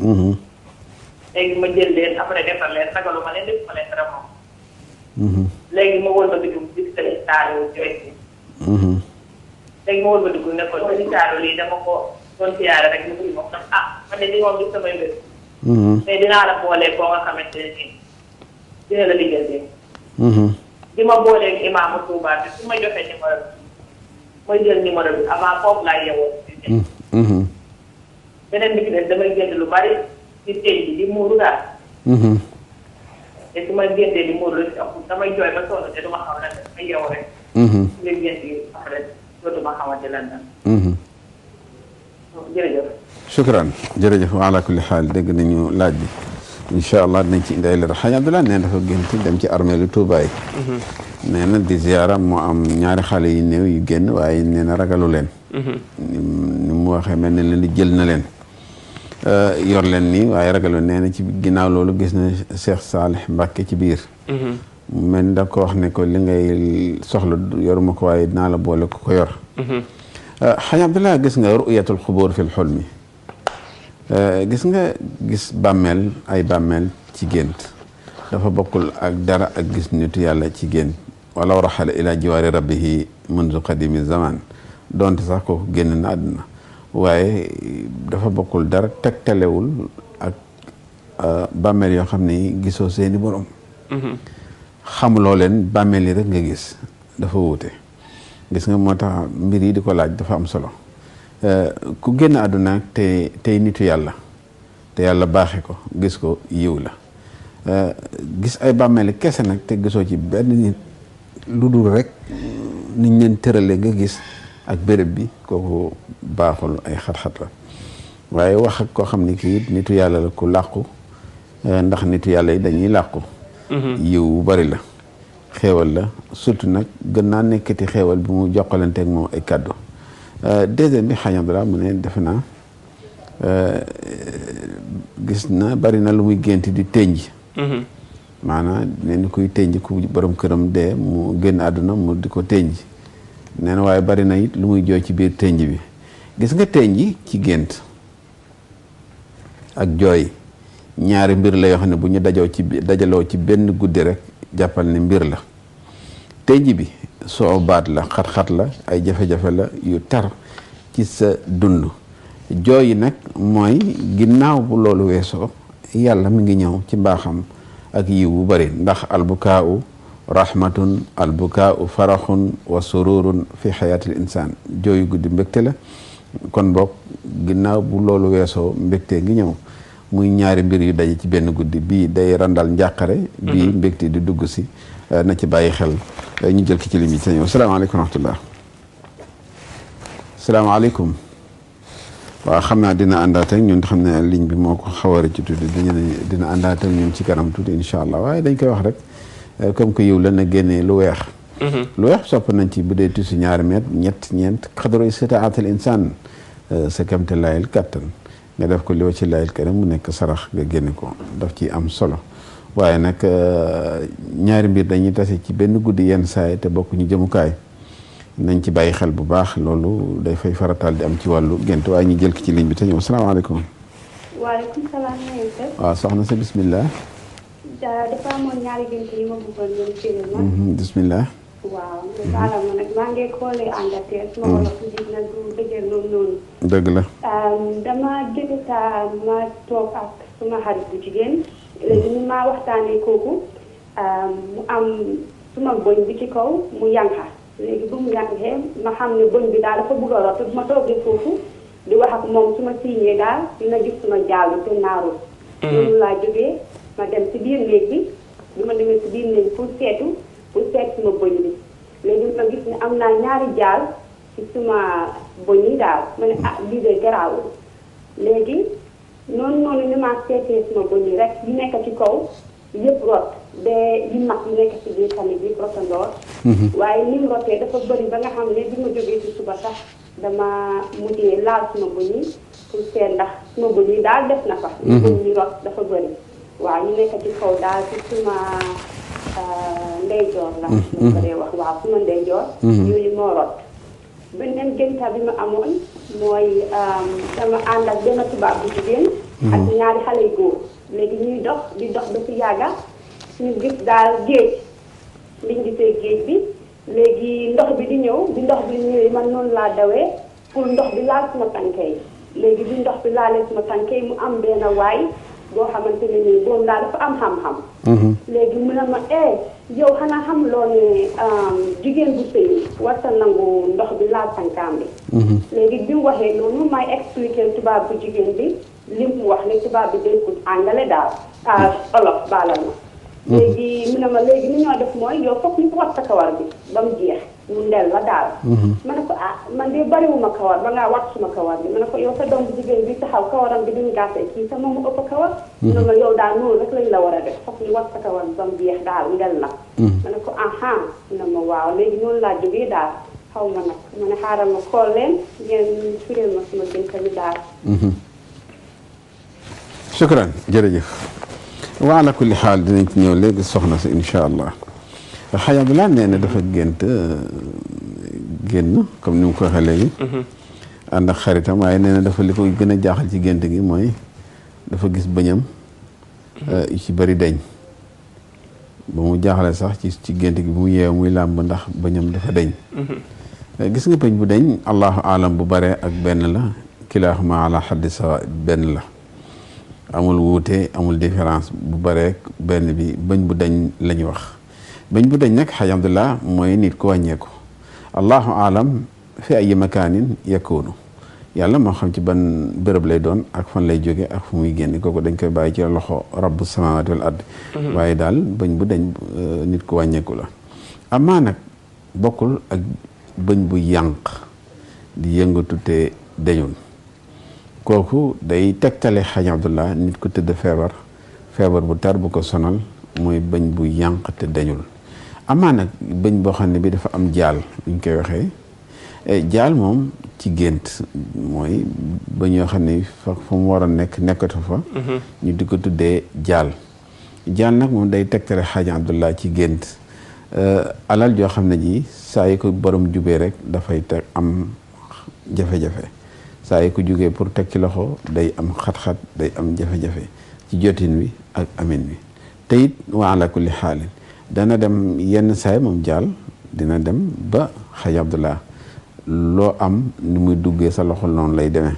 Mm-hmm. léegi ma jël leen après defar leen sagalu ma leen def ma leen dara moom. Mm-hmm. léegi ma wóor ma dugg gis que ni taaru jooy si. léegi ma wóor ma dugg ne ko li taaru lii dama ko doon siyaare rek ñu bëri moom ndax ah man de li moom du samay mbir. Mm-hmm. mais dinaa la boolee boo nga xamante ne nii dina la liggéey. di ma booleeg imaamu Touba bi su ma joxee numéro bi ma jël numéro bi avant foofu laa yeewoo. beneen bi ci des damay jënd lu bari ci tey bi di muuru daal. Mhm. te su ma génnee di muuru la ci am damay jooy ba sonn te du ma xaw lan la ma yeewu rek. Mhm. su ma génn gi après dootuma xamante lan la. Mhm. jërëjëf. shukran jërëjëf wa ala kulli xaal dégg nañu laaj bi. incha allah dinañ ci indi ay leer xaj Abdoulaye nee na dafa gént dem ci armeelu Touba yi. nee na di ziara moo am ñaari xale yu néew yu génn waaye nee na ragalu leen. ni mu waxee mel ne leen jël na leen. Euh, yor leen nii waaye ragaloo nee na ci ginnaaw loolu gis na Cheikh Salih Mbacke ci biir. man mm-hmm. da ne ko li ngay soxla yoruma ko waaye dinaa la boole ko ko yor. Mm-hmm. Euh, xaj Abdullah gis nga ru'yatul xubur fil xulmi euh, gis nga gis bàmmeel ay bàmmeel ci gént dafa bokkul ak dara ak gis nitu yàlla ci gént wala raxala ila jiwaari rabbihi mundu qadimi zaman donte sax ko génn na àdduna waaye dafa bokkul dara teg telewul ak euh, bàmmeel yoo xam ni gisoo seeni borom mm-hmm. xamuloo leen bàmmeel yi rek nga gis dafa wuute gis nga moo tax mbir yi di ko laaj dafa am solo euh, ku génn àdduna te tey nitu yàlla te yàlla baaxe ko gis ko yiw la euh, gis ay bàmmeeli kese nag te gisoo ci benn nit lu dul rek niñ leen tërale nga gis ak béréb bi kooku baaxul ay xat-xat la waaye wax ak koo xam ne kii it nitu yàlla la ku làqu eh, ndax nitu yàlla yi dañuy làqu mhm. yiw bu bari la xéewal la surtout nag gën naa nekkati xéewal bi mu jokkalanteeg moom ay kàddu eh, deuxième bi xaña dara mu ne defe naa eh, gis na bari na lu muy génti di tënj mhm. maanaam ne kuy tënj ku borom këram dee mu génn àdduna mu di ko tënj nee waaye bari na it lu muy jooy ci biir tënj bi gis nga tënj ci gént ak jooy ñaari mbir la yoo xam ne bu ñu dajoo ci dajaloo ci benn guddi rek jàppal ni mbir la tënj bi soo baat la xat-xat la ay jafe-jafe la yu tar ci sa dund jooy yi nag mooy ginnaaw bu loolu weesoo yàlla mi ngi ñëw ci mbaaxam ak yiw bu bari ndax albukaa u rahmatun albukaau faraxun wa sururun fi xayaatil insaan jooyu guddi mbégte la kon boog ginnaaw bu loolu weesoo mbégte ngi ñëw muy ñaari mbir yu daje ci benn guddi bii day randal njàqare bii mm-hmm. mbégte di dugg si eh, na ci bàyyi xel eh, ñu jël ki ci lim yi sa ñëw a wa rahmatullah salaamaaleykum waaw xam naa dina àndaat ak ñun xam ne ligne bi moo ko xawari ci tuuti dina àndaat ak ñun ci kanam tuuti incha allah waaye dañ koy wax rek Euh, comme que yow la na génnee lu weex mhm. lu weex sopp nañ ci bu dee tissu ñaari mètre ñett ñeent xadaroy seta atal insaan euh, sa kamte laayil kàttan nga def ko liwa ci laayil karam mu nekk sarax nga génne ko daf ci am solo waaye nag euh, ñaari mbir dañuy tase ci benn guddi yenn saay te bokk ñu jëmukaay nañ ci bàyyi xel bu baax loolu day fay farataal di am ci wàllu gént waaye ñu jël ki ci ligne bi te ñëw soxna sa bismillah dafa amoon ñaari gént yi ma bëggoon ñoom firil ma bismillah waaw nag maa ngi xoolee Angleterre suma mhm. wolof njiit nag du dëgër noonu noonu dëgg ma xarit bu jigéen léegi ñu ma waxtaanee kooku mu am suma boñ bi ci kaw mu yanqa léegi bu mu yanqee ma xam ne boñ bi daal dafa bëgg a rot ma toogee foofu di wax ak moom su ma siiñee daal dina gis suma jaalu te naaru loolu mhm. laa jógee ma dem ci biir néeg bi bi ma demee si biir néeg bi pour seetu pour seet suma bëñ bi léegi ma gis ne am naa ñaari jaal ci suma bëñ yi daal ma ne ah lii de garaawul léegi noonu noonu ni ma seetee suma bëñ yi rek yi nekk ci kaw yëpp rot ba yi mag yi nekk ci biir tamit bi rotandoor mhm. waaye ni mu rotee dafa bëri ba nga xam ne bi ma jógee ci suba sax dama mujjee laal suma bëñ yi pour seet ndax suma bëñ yi daal def na fa. Mhm. bëñ yi rot dafa bëri. waaw ñu nekk ci kaw daal ci suma euh, ndeyjoor la. Mm-hmm. ñu ko dee wax waaw suma ndeyjoor. Mm-hmm. ñu ni moo rot. beneen génta bi ma amoon mooy sama euh, ànd ak benn tubaab bu jigéen. Mm-hmm. ak ñaari xale yu góor. léegi ñuy dox di dox ba ci yàgga ñu gis daal géej liñ gisee géej bi léegi ndox bi di ñëw di ndox bi ñëwee man noonu laa dawee pour ndox bi laal suma tànke léegi bi ndox bi laalee suma tànke yi mu am benn waay. boo xamante ne nii moom daal dafa am xam-xam. Mhm. léegi mu ne ma eh yow xanaa xam loo ne euh, jigéen bu sëy warta nangu ndox bi laal tànkaam bi. Mhm. léegi bi mu waxee noonu may expliqué tubaab bu jigéen bi li wax ne tubaab bi dénkut àngale daal ah olof baalal ma. léegi mu a ma léegi ni ñoo def mooy yow foog ñu wat sa kawar bi ba mu jeex mu ndel la daal mhm. ma ne ko ah man de bariwuma kawar ba ngaa wat suma kawar bi ma ne ko yow sa doom jigéen bi taxaw kawaram bi duñ gàttee sa sax moom ëpp kawar mu mhm. a ma yow daal noonu rek lañ la war a def foog ñu wat sa kawar bi ba mu jeex daal ndel la mhm. ma ne ko aha mu a ma waaw léegi noonu laa jógee daal xaw ma nag ma ne xaaral ma xool leen ngeen firil ma suma jënka bi daal wa ala kulli xaal dinañ ci ñëw léegi soxna si incha allah xaya bi laa nee na dafa gént euh, génn comme ni mu ko waxee léegi. Mhm. ànd ak xaritam waaye nee na dafa li ko gën a jaaxal ci gént gi mooy dafa gis bëñam mhm. euh, yu ci bëri deñ ba mu jaaxale sax ci ci gént gi bu mu muy làmb ndax bëñam dafa deñ mhm. euh, gis nga bëñ bu deñ allahu alam bu bare ak benn la kilaaxuma ala xaddi sawa benn la amul wuute amul différence bu bare benn bi bañ bu dañ la ñu wax bañ bu dañ nag xaj abdullah mooy nit ku wàññeeku allahu alam fi ay makaanin yakunu yàlla moo xam ci ban bërëb lay doon ak fan lay jóge ak fu muy génn kooku dañ koy bàyyi ci loxo rabbu samawati wal ard mhm. waaye daal bañ bu dañ euh, nit ku wàññeeku la amaa nag bokkul ak bëñ bu yànq di yëngatu te kooku day tegtale xaj abdullah nit ku tëdd feebar feebar bu tar bu ko sonal mooy bëñ bu yànq te dañul amaa nag bëñ boo xam ne bi dafa am jaal luñ koy waxee eh, jaal moom ci gént mooy bëñ yoo xam ne fa fu mu war a nekk nekkatu fa mhm. ñu di ko tuddee jaal jaal nag moom day tegtale xaj abdullah ci gént eh, alal joo xam ne ji saa yi ko borom jubee rek dafay teg am jafe-jafe saa yi ko jógee pour teg ci loxo day am xat-xat day am jafe-jafe ci jotin wi ak amin wi te it wa ala kulli xaalin dana dem yenn saay moom jaal dina dem ba xaj abdullah loo am ni muy duggee sa loxo noonu lay deme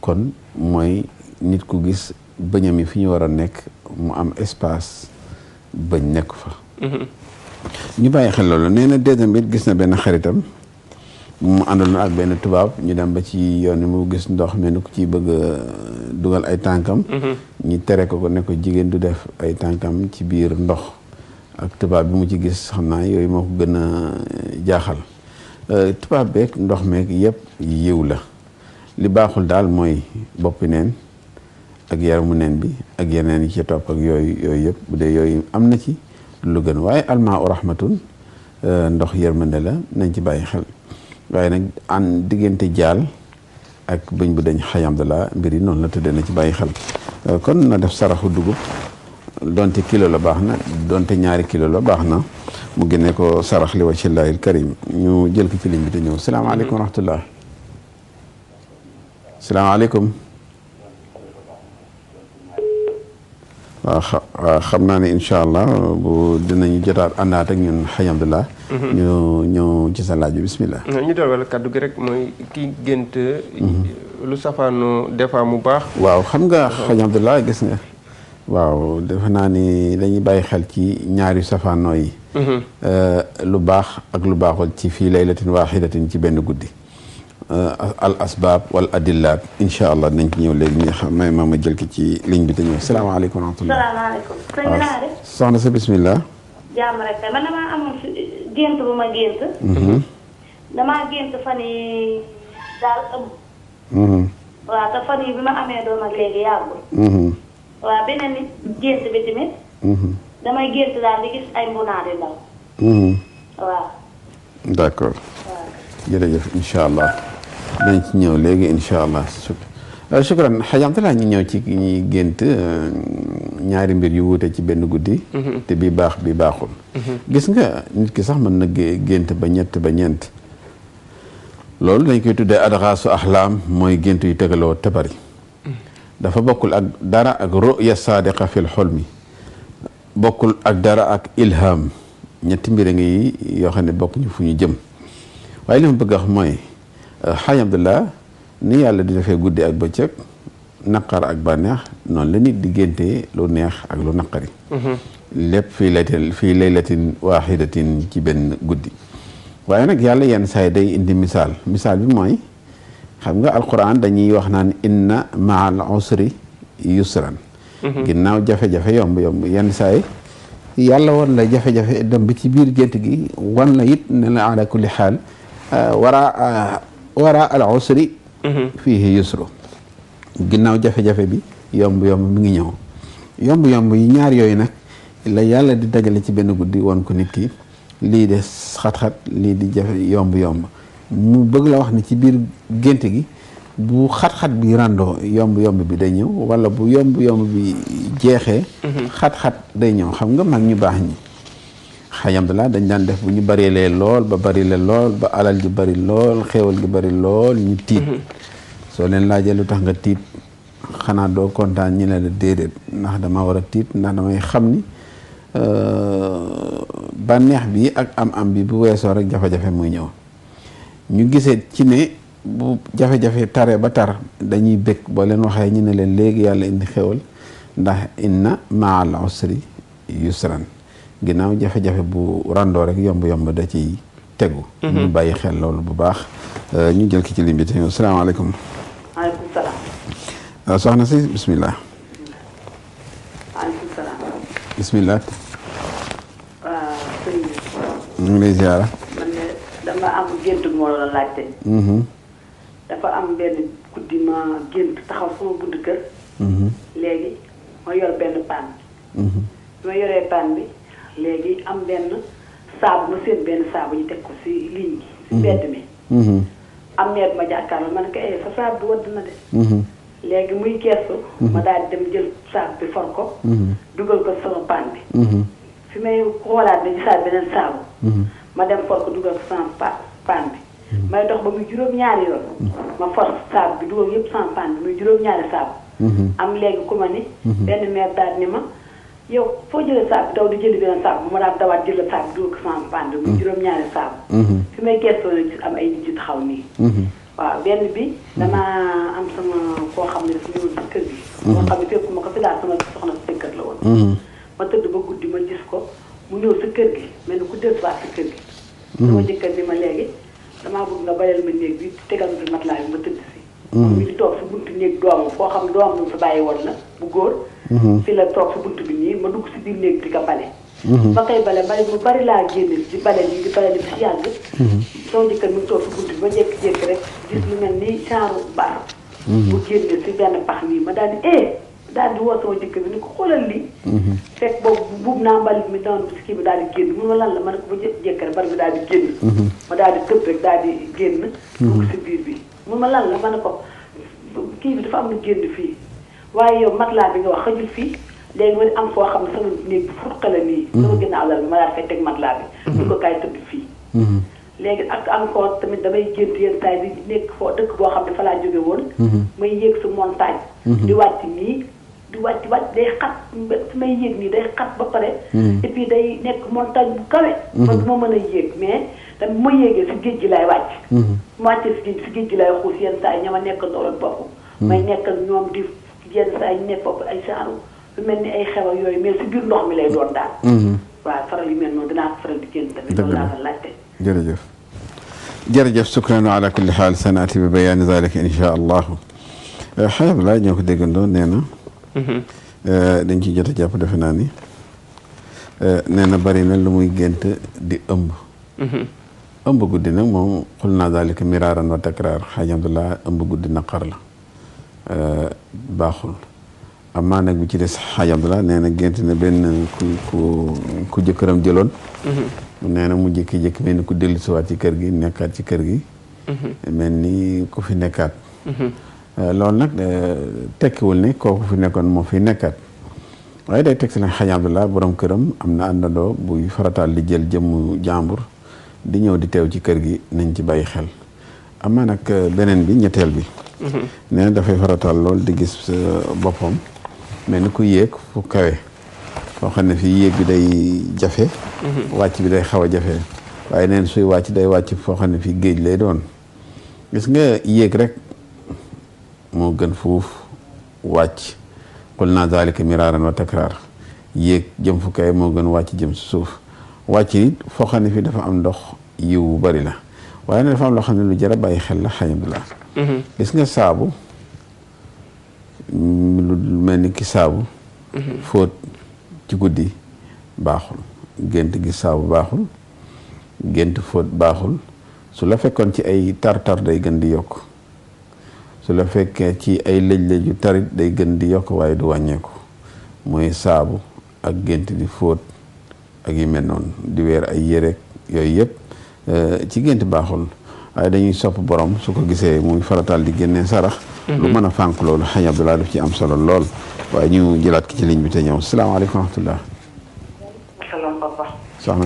kon mooy nit ku gis bëñam yi fi ñu war a nekk mu am espace bañ nekk fa mm-hmm. ñu bàyyi xel loolu nee na deuxième it gis na benn xaritam mu àndaloon ak benn tubaab ñu dem ba ci yoon wi mu gis ndox mel ni ku ciy bëgg dugal ay tànkam mm-hmm. ñu tere ko ko ne jigéen du def ay tànkam ci biir ndox ak tubaab bi mu ci gis xam naa yooyu moo ko gën a jaaxal euh, tubaab beeg ndox meek yépp yiw la li baaxul daal mooy boppi neen ak yaramu neen bi ak yeneen yi ci topp ak yooyu yooyu yëpp bu dee yooyu am na ci lu gën waaye almaa u rahmatun euh, ndox yërmande la nañ ci bàyyi xel waaye nag an diggante jaal ak bëñ bu dañ xayam de la noonu la tëddee na ci bàyyi xel euh, kon na def saraxu dugub donte kilo la baax na donte ñaari kilo la baax na mu génne ko sarax li wa ci laayil ñu jël ko ci ligne bi te ñëw salaamaaleykum wa mm-hmm. rahmatullah salaamaaleykum waaw xam naa ne incha allah bu dinañu jotaat àndaat ak ñun xëy Abdullah mm-hmm. ñu ñëw ci sa laaj bi bismillah mm-hmm. ñu dalal kaddu gi rek mooy kii gént mm-hmm. lu safaanu des fois mu baax waaw xam nga xëy Abdullah gis nga waaw defe naa ni dañuy bàyyi xel ci ñaari safaanoo yi euh, lu baax ak lu baaxul ci fii laylatin waaxidatin ci benn guddi Euh, al asbaab wal adillaat incha allah nañ ci ñëw léegi may ma ma jël ki ci ligne bi te ñëw salaamaaleykum wa rahmatulah. salaamaaleykum. sëñ bi naa def. soxna sa bisimilah. jàmm rek man damaa amoon gént bu ma gént. Mhm. damaa gént fan daal ëmb. Mhm. waaw te fan bi ma amee doom ak léegi yàggul. Mhm. waaw beneen gént bi tamit. damay gént daal di gis ay mbunaat yu ndaw. waaw. jërëjëf incha allah dañ ci ñëw léegi incha allah euh, shukran xajaamte laa ñu ñëw ci ñi gént euh, ñaari mbir yu wuute ci benn guddi mm-hmm. te bi baax bi baaxul mm-hmm. gis nga nit ki sax man na gént ba ñett ba ñeent loolu dañ koy tuddee adxaasu axlaam mooy gént yu tegaloo te bari mm-hmm. dafa bokkul ak dara ak ruya saadiqa fil xolmi bokkul ak dara ak ilham ñetti mbir a ngi yoo xam ne bokkuñu fu ñu jëm waaye li ma bëgg a mooy euh, xaaj Abdullah ni yàlla di defee guddi ak bëccëg naqar ak bànneex noonu la nit diggante lu neex ak lu naqari mhm. lépp fii laylatin fii laylatin ci benn guddi waaye nag yàlla yenn saay day indi misaal misaal bi mooy xam nga alquran dañuy wax naan inna maal usri yusran mhm. ginnaaw jafe-jafe yomb yomb yenn saay yàlla wan la jafe-jafe dem ci biir gént gi wan la it ne ala kulli xaal Euh, wara euh, wara al usri mhm. fiihi yusru ginnaaw jafe-jafe bi yomb yomb mi ngi ñëw yomb yomb yi ñaar yooyu nag la yàlla di dajale ci benn guddi woon ko nit ki lii de xat-xat lii di jafe yomb yomb mu bëgg la wax ni ci biir gént gi bu xat-xat bi ràndoo yomb yomb bi day ñëw walla bu yomb yomb bi jeexee mhm. xat-xat day ñëw xam nga mag ñu baax ñi xaj Abdallah dañ daan def bu ñu bari lee lool ba bari la lool ba alal ji bari lool xéewal gi bari lool ñu tiit mm-hmm. soo leen laajee lu tax nga tiit xanaa doo kontaan ñu ne la déedéet ndax dama war a tiit ndax damay xam ni euh, bànneex bi ak am-am bi bu weesoo rek jafe-jafe muy ñëw ñu gisee ci ne bu jafe-jafe tare ba tar dañuy bëgg boo leen waxee ñu ne leen léegi yàlla indi xewal ndax na inna maal yu yusran ginnaaw jafe-jafe bu randoo rek yomb-yomb da ci tegu mhm. ñu bàyyi xel loolu bu baax euh, ñu jël ki ci ligne bi te asalaamaaleykum aleykum salaam euh, soxna si bisimilah aleykum salaam bisimilah euh, man ne dama am gént moo la laajte mhm. dafa am benn guddi ma gént taxaw sama bunt kër mhm. léegi ma yor benn paan bi ma yoree paan bi léegi am benn saabu ma seen benn saabu ñu teg ko si ligne bi. si mhm. mbedd mi. Mhm. am meer ma jàkkaarloo ma ne ko eh, sa saabu bi na de. Mhm. léegi muy gestu. ma daal di dem jël saabu bi for ko. dugal ko sama paan bi. fi may xoolaat dañu saa beneen saabu. ma dem for ko dugal ko sama pa paan bi. may dox ba muy juróom-ñaari yoon. ma for saabu bi dugal yëpp sama paan bi muy juróom-ñaari saabu. am léegi ku ma ni. benn meer daal ni ma. yow foo jëlee saabu taw di jënd benn saabu ma daan dawaat jël saabu dugal ko sama bande mu mm-hmm. juróom-ñaari saabu mm-hmm. fi may gëstoo na am ay nit yu taxaw nii mm-hmm. waaw benn bi damaa am sama koo xam ne dafa ñëwoon ci kër gi ma ko fi daal sama si kër la woon ma tëdd ba guddi ma gis ko mu ñëw gi mel ni ku delluwaat sa kër jëkkër ni ma léegi damaa bëgg nga baleel ma néeg bi tegal ma matelas bi ma tëdd si mu ngi toog si buntu néeg doomam foo xam doomam mu fi bàyyi woon la bu góor Mm-hmm. fi la toog si bunt bi nii ma dugg si biir néeg di ko bale. ma mm-hmm. koy bale bale bu bari laa génne di bale nii di bale nii si yàgg. Mm-hmm. sama jëkkër mi toog si bunt bi ma jékki-jékki rek gis lu mel ni genre bar. bu génne si benn pax nii ma daal di eh daal di woo sama jëkkër bi ko xoolal lii. fekk boobu buub naa mbalit mi doon si kii bi daal di génn mun ma lan la ma ne ko bu jékki rek bar bi daal di génn. ma daal di tëb rek daal di génn. dugg si biir bi mun ma lan la ma ne ko kii bi dafa am lu génn fii. waaye yow matelas bi nga wax xajul fii léegi man am foo xam ne sama néeg bu furqale nii. Mm-hmm. sama ginnaaw la ma daal fay teg matelas bi. bu mm-hmm. ko kaay tëdd fii. Mm-hmm. léegi ak encore tamit damay gént yenn saa yi nekk foo dëkk boo xam ne fa laa jóge woon. may yéeg su montagne. di wàcc nii di wàcc wàcc day xat su may yéeg nii day xat ba pare. et day nekk montagne bu kawe. man du ma mën a yéeg mais tamit bu ma yéegee si géej gi laay wàcc. ma wàccee si géej gi laay xuus yenn saa ña ma nekk ndooloon bopp. may nekk ak ñoom yenn saa yi nekk foofu ay saaru lu mhm. jërëjëf jërëjëf sukran ala kulli xaal bi bayaan zalika incha allahu eh, xayab laa na. Mhm. Eh, dañ ciy jot a defe naa ni eh, nee na bari na lu muy gént di ëmb. Mhm. ëmb guddi nag moom xul naa zalika miraaran wa takraar xaaj Abdullah ëmb guddi naqar la. baaxul amaa nag bi ci des xaaj la nee na gént na benn ku ku jëkkëram jëloon mm-hmm. nee na mu jékki-jékki mel ku dellu siwaat ci kër gi nekkaat ci kër gi mm-hmm. mel ni ku fi nekkaat mm-hmm. euh, loolu nag euh, tekkiwul ni kooku fi nekkoon moo fi nekkaat waaye day teg si nag xaaj Abdallah borom këram am na àndandoo buy farataal di jël jëmm jàmbur di ñëw di teew ci kër gi nañ ci bàyyi xel amaa nag euh, beneen bi ñetteel bi nee dafay farataal lool di gis euh, boppam mel ni ku yéeg fu kawe foo xam ne fii yéeg bi day jafe mhm. wàcc bi day xaw a jafe waaye neen suy wàcc day wàcc foo xam ne fii géej lay doon gis nga yéeg rek moo gën fuuf wàcc qul naa zalika miraaran wa yéeg jëm fu kawe moo gën wàcc jëm si suuf wàcc it foo xam ne fii dafa am ndox yiw bu bari la waaye nag dafa am loo xam ne lu jar a bàyyi xel la alhamdulilah. Mm-hmm. gis nga saabu mm, lu mel ni ki saabu. Mm-hmm. fóot ci guddi baaxul gént gi saabu baaxul gént fóot baaxul su la fekkoon ci ay tar-tar day gën di yokk su la fekkee ci ay lëj-lëj tarit day gën di yokk waaye du wàññeeku mooy saabu ak gént di fóot ak yu mel noonu di weer ay yére yooyu yëpp. Euh, ci gént baaxul waaye dañuy sopp borom su ko gisee muy farataal di génnee sarax mhm. lu mën a fànk loolu xañ Abdoulaye ci am solo lool waaye ñu jëlaat ki ci liñ bi te ñëw salaamaaleykum wa rahmatullah salaam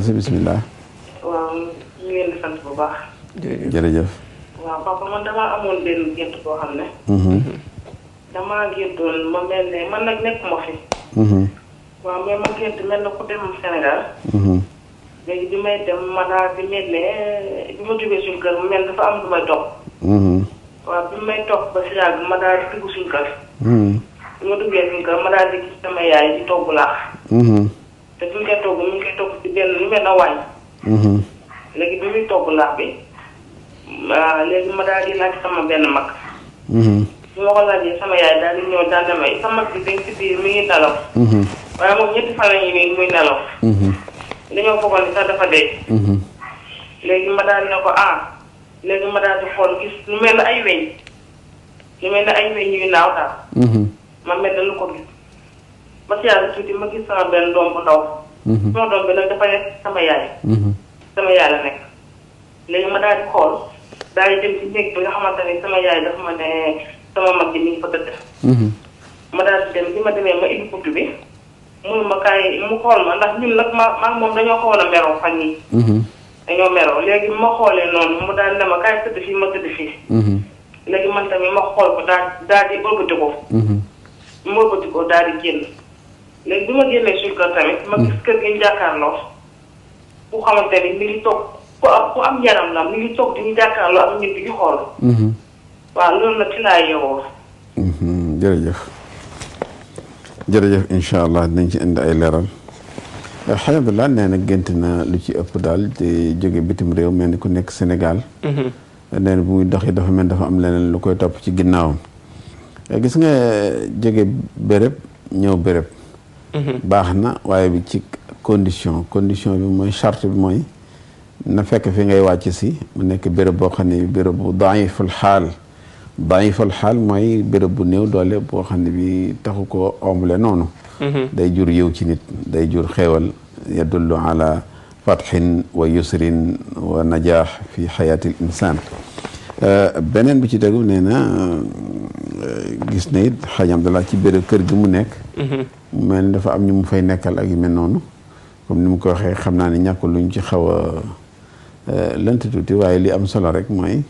jërëjëf waaw damaa amoon benn gént boo xam ne mhm. damaa géntoon ma mel ne man nag nekk ma fi mhm. waaw ma gént mel na ku dem Sénégal léegi bi may dem maanaam bi mel ne bi ma jógee suñu kër mel dafa am lu may topp. Mm-hmm. bi may topp ba si yàgg ma daal di dugg kër. Mm-hmm. bi ma duggee suñu kër ma daal di gis sama yaay di togg laax. Mm-hmm. te fi mu koy togg mi benn lu mel ne wàññi. léegi bi muy togg laax bi léegi ma daal di laaj sama benn mag. bi ma ko laajee sama yaay daal di ñëw daal di may sama bi dañ ci biir mi nelaw. waaye moom ñetti fan la ñuy muy nelaw. dañoo foogoon ni sax dafa dee. Mhm. léegi ma daal ne ko ah léegi ma daal di xool gis lu mel ne ay weñ lu mel ne ay weñ yu naaw daal. Mhm. ma mel ne lu ko gis ba si yàlla tuuti ma gis sama benn doom bu ndaw. Mhm. sama doom bi nag dafa nekk sama yaay. sama yaay la nekk léegi ma daal xool daal dem ci néeg bi nga xamante ne sama yaay dafa ma ne sama mag bi mi ngi fa tëdd. ma daal dem bi ma demee ma ubbi buntu bi. mu ma kaay mu xool ma ndax ñun nag ma maag moom dañoo xawoon a meroo fan yi mhm. dañoo meroo léegi ma xoolee noonu mu daal ne ma kaay tëdd fii ma tëdd fii mhm. léegi man tamit ma xool ko daal daal di bëlbati ko mhm. mu bëlbati ko daal di génn léegi bi ma génnee suñu kër tamit ma gis kër gi ñu jàkkaarloo ku xamante ni mi ngi toog ku am ku am yaram la mi ngi toog di ñu jàkkaarloo ak ñun di ñu xool waaw loolu nag ci laa yeewoo jërëjëf jërëjëf incha allah dinañ ci indi ay leeral xëy na daal nee na gént na lu ci ëpp daal te jóge bitim réew mel ni ku nekk Sénégal. Mhm. nee na bu muy doxee dafa mel dafa am leneen lu koy topp ci ginnaawam. gis nga jege béréb ñëw béréb. Mhm. baax na waaye bi ci condition condition bi mooy charte bi mooy na fekk fi ngay wàcc si mu nekk béréb boo xam ne béréb bu daayiful xaal. daifal xaal mooy béréb bu néew doole boo xam ne bi taxu ko omble noonu mhm. day jur yëw ci nit day jur xeewal yadullu ala fatxin wa yusrin wa najaax fi xayaati l insan euh, beneen bi ci tegu nee na euh, gis na it xaj Abdallah ci béréb kër gi mu nekk mhm. mu mel ni dafa am ñu mu fay nekkal ak yu mel noonu comme ni mu ko waxee xam naa ne ñàkkul luñ ci xaw a euh, lënt tuuti waaye li am solo rek mooy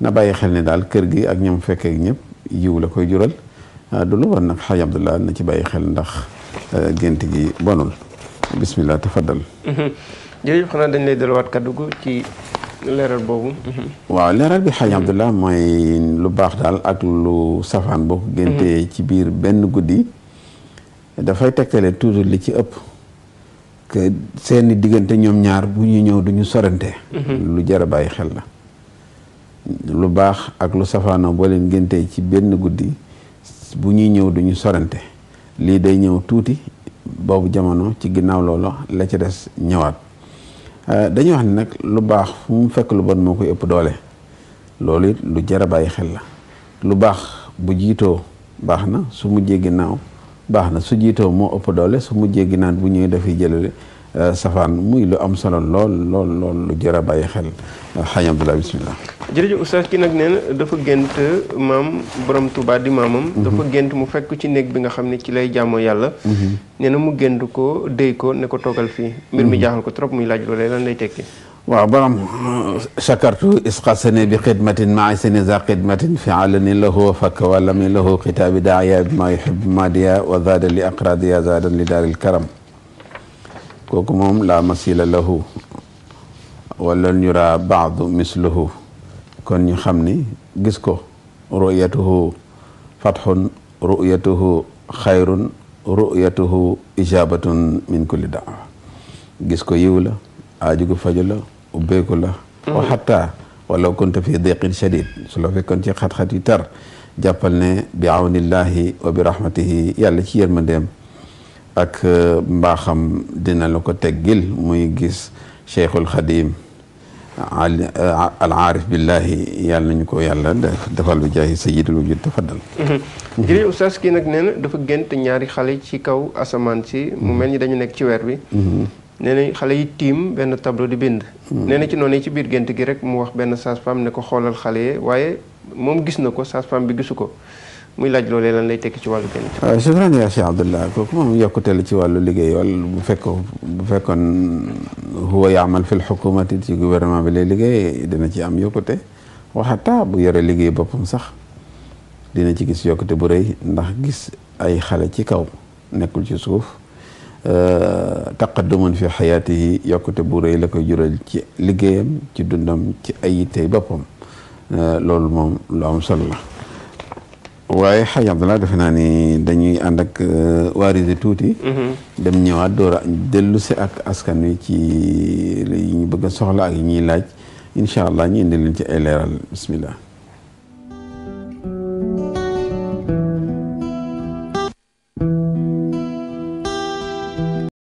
na bàyyi xel ne daal kër gi ak ñam fekkee ak ñëpp yiw la koy jural ah, du lu nag xaaj Abdullah na ci bàyyi xel ndax eh, gént gi bonul bismillah tafaddal mhm. jërëjëf xanaa dañ lay delluwaat kaddu gu ci leeral boobu mhm. waaw leeral bi xaaj mhm. Abdullah mooy lu baax daal ak lu safaan boo génte ci biir benn guddi dafay tegtale toujours li ci ëpp que seeni diggante ñoom ñaar bu ñu ñëw duñu sorante lu jar a bàyyi xel la lu baax ak lu safaanoo boo leen ci benn guddi bu ñuy ñëw duñu sorante lii day ñëw tuuti boobu jamono ci ginnaaw loolu la ci des ñëwaat euh, dañuy wax ne nag lu baax fu mu fekk lu bon moo koy ëpp doole loolu it lu jar a bàyyi xel la lu baax bu jiitoo baax na su mujjee ginnaaw baax na su jiitoo moo ëpp doole su mujjee ginnaaw bu ñëwee dafay jëlale Euh, safaan muy lu am solo lool lool lool lu jar a bàyyi xel euh, xañ Abdoulaye bisimilah. jërëjëf oustaz ki nag nee na dafa gént maam borom Touba di maamam. Mhm. dafa gént mu fekk ci néeg bi nga xam ne ci lay jaamoo yàlla. Mhm. nee na mu gént ko déy ko ne ko toogal fii. mbir mi mhm. jaaxal ko trop muy laaj loolee lan lay tekki. waaw borom chakartu isqasani bi xidmatin maa sini za xidmatin fi alani lahu fakk walami lahu xitaabi daaya bi ma yuhib madiya wa zaada li aqradiya zaadan li daaril karam kooku moom la masila lahu wala yura baadu misluhu kon ñu xam ni gis ko ruyatuhu fatxun ruyatuhu xayrun ruyatuhu ijabatun min kulli daawa gis ko yiw la aaju gu faju la ubbeeku la wa xatta walaw kunta fi diqin shadid su la fekkoon ci xat-xat yi tar jàppal ne bi awnillahi wa bi rahmatihi yàlla ci yërmandeem ak euh, mbaaxam dina la ko teggil muy gis cheikhul xadim euh, al aarif billahi yàlla nañu ko yàlla defal bi jaahi sayyidul wujud tafaddal jërëjëf mhm. oustaz kii nag nee na dafa gént ñaari xale ci kaw asamaan si mu mel ni dañu nekk ci weer bi mhm. nee na xale yi tiim benn tableau di bind mhm. nee na ci noonu yi ci biir gént gi rek mu wax benn sage-femme ne ko xoolal xale yi waaye moom gis na ko sage-femme bi gisu ko muy laaj loolee lan lay tekki ci wàllu kenn. waaw shukran yaa Cheikh Abdallah kooku ci wàllu liggéey wala bu fekkoon bu fekkoon huwa yaamal fil xukumati ci gouvernement liggéey dina ci am yokkute waxata bu yore liggéey boppam sax dina ci gis yokkute bu rëy ndax gis ay xale ci kaw nekkul ci suuf euh, taqaddumun fi xayaatihi yokkute bu rëy la koy jural ci liggéeyam ci dundam ci ay yittey boppam euh, loolu moom lu am solo la. waaye xaj Abdallah defe naa ni dañuy ànd ak euh, waaride tuuti. Mhm. dem ñëwaat door a dellu si ak askan wi ci yi ñu bëgg a soxla ak yi ñuy laaj incha allah ñu indi leen ci ay leeral bismillah.